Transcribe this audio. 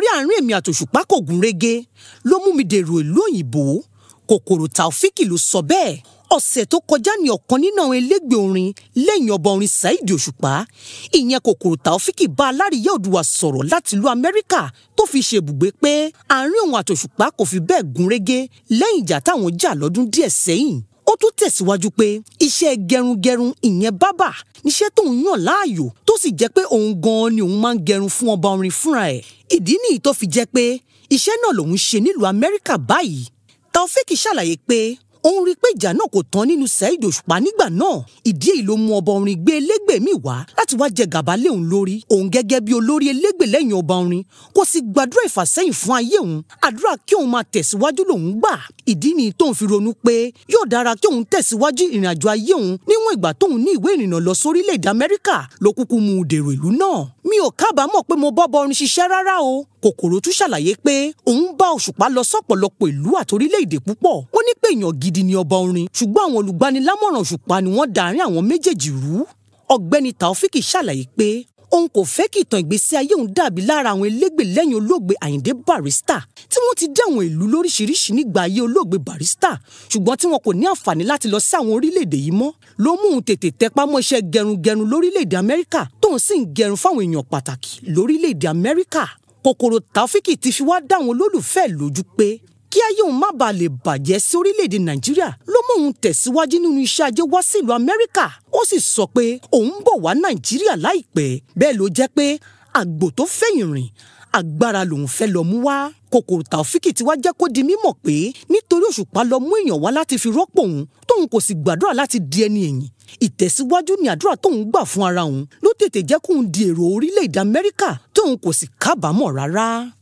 nítorí àárín èmi àtòṣùpá kò gún régé ló mú mi dèrò ìlú òyìnbó kòkòrò taofiki ló sọ bẹ́ẹ̀ ọ̀sẹ̀ tó kọjá ní ọ̀kan nínú àwọn elégbè orin lẹ́yìn ọba orin Saheed Òṣùpá ìyẹn kòkòrò Taofiki bá alárìíyá Oòduà sọ̀rọ̀ láti ìlú Amẹ́ríkà tó fi ṣe ibùgbé pé àárín òun àtòṣùpá kò fi bẹ́ẹ̀ gún régé lẹ́yìn ìjà táwọn jà lọ́dún díẹ̀ sẹ́yìn tún tẹ̀síwájú pé iṣẹ́ gẹrungẹrun ìyẹn bábà níṣẹ́ tóun yàn láàyò tó sì jẹ́ pé òun gan-an ni òun máa ń gẹrun fún ọba orin fúnra ẹ̀ ìdí nìyí tó fi jẹ́ pé iṣẹ́ náà lòun ṣe nílùú Amẹ́ríkà báyìí Taofik ṣàlàyé pé ó ń rí i pé ìjà náà kò tán nínú Saheed Òṣùpá nígbà náà ìdí èyí ló mú ọba orin gbé elégbè mi wá láti wá jẹ gàba lé òun lórí òun gẹ́gẹ́ bí olórí elégbè lẹ́yìn ọba orin kò sì gbàdúrà ìfàsẹ́yìn fún ayé òun àdúrà kí òun máa tẹ̀síwájú lòun gbà ìdí ni tóun fi ronú pé yóò dára kí òun tẹ̀síwájú ìrìnàjò ayé òun níwọ̀n ìgbà tóun ní ìwé ìrìnnà lọ sórílẹ̀-èdè Amẹ́ríkà ló kúkú mú dèrò ìlú náà mi ò kábàámọ̀ pé mo bọ́bọ orin ṣiṣẹ́ rárá o. kòkòrò tún ṣàlàyé pé òun bá òṣùpá lọ sọ́pọ̀lọpọ̀ ìlú àtorílẹ̀-èdè púpọ̀ wọ́n ní pé èèyàn gidi ni ọba orin ṣùgbọ́n àwọn olùgbanilámọ̀ràn òṣùpá ni wọ́n dàárín àwọn méjèèjì rú. ọ̀gbẹ́ni taofiki ṣàlàyé pé òun kò fẹ́ kí ìtàn ìgbésí ayé òun dàbí lára àwọn elégbè lẹ́yìn olóògbé àyíndé barista tí wọ́n ti dé àwọn ìlú lóríṣiríṣi nígbà ayé olóògbé barista ṣùgbọ́n tí wọn kò ní àǹfààní láti lọ sí àwọn orílẹ̀-èdè yìí mọ́ ló mú òun tètè tẹpá mọ́ iṣẹ́ gẹrungẹrun lórílẹ̀-èdè amẹ́ríkà tóun sì ń gẹrun fáwọn èèyàn pàtàkì lórílẹ̀‐èdè amẹ́ríkà kòkòrò tàfíkì ti fi wá dá àwọn olólùfẹ́ lójú pé kí ayé òun má bàa lè bàjẹ́ sí orílẹ̀-èdè nàìjíríà ló mú òun tẹ̀síwájú nínú iṣẹ́ ajé wá sílùú amẹ́ríkà ó sì sọ pé òun bọ̀ wá nàìjíríà láìpẹ́ bẹ́ẹ̀ ló jẹ́ pé àgbò tó fẹ̀yìn rìn agbára lòun fẹ́ lọ mú wá kòkòrò tàòfíkì tí wá jẹ́ kó di mímọ̀ pé nítorí òṣùpá lọ mú èèyàn wá láti fi rọ́pò òun tóun kò sì gbàdúrà láti di ẹni ẹ̀yìn ìtẹ̀síwájú ni àdúrà tóun gbà fún ara òun ló tètè jẹ́ kóun di èrò orílẹ̀-èdè amẹ́ríkà tóun kò sì kábàámọ̀ rárá.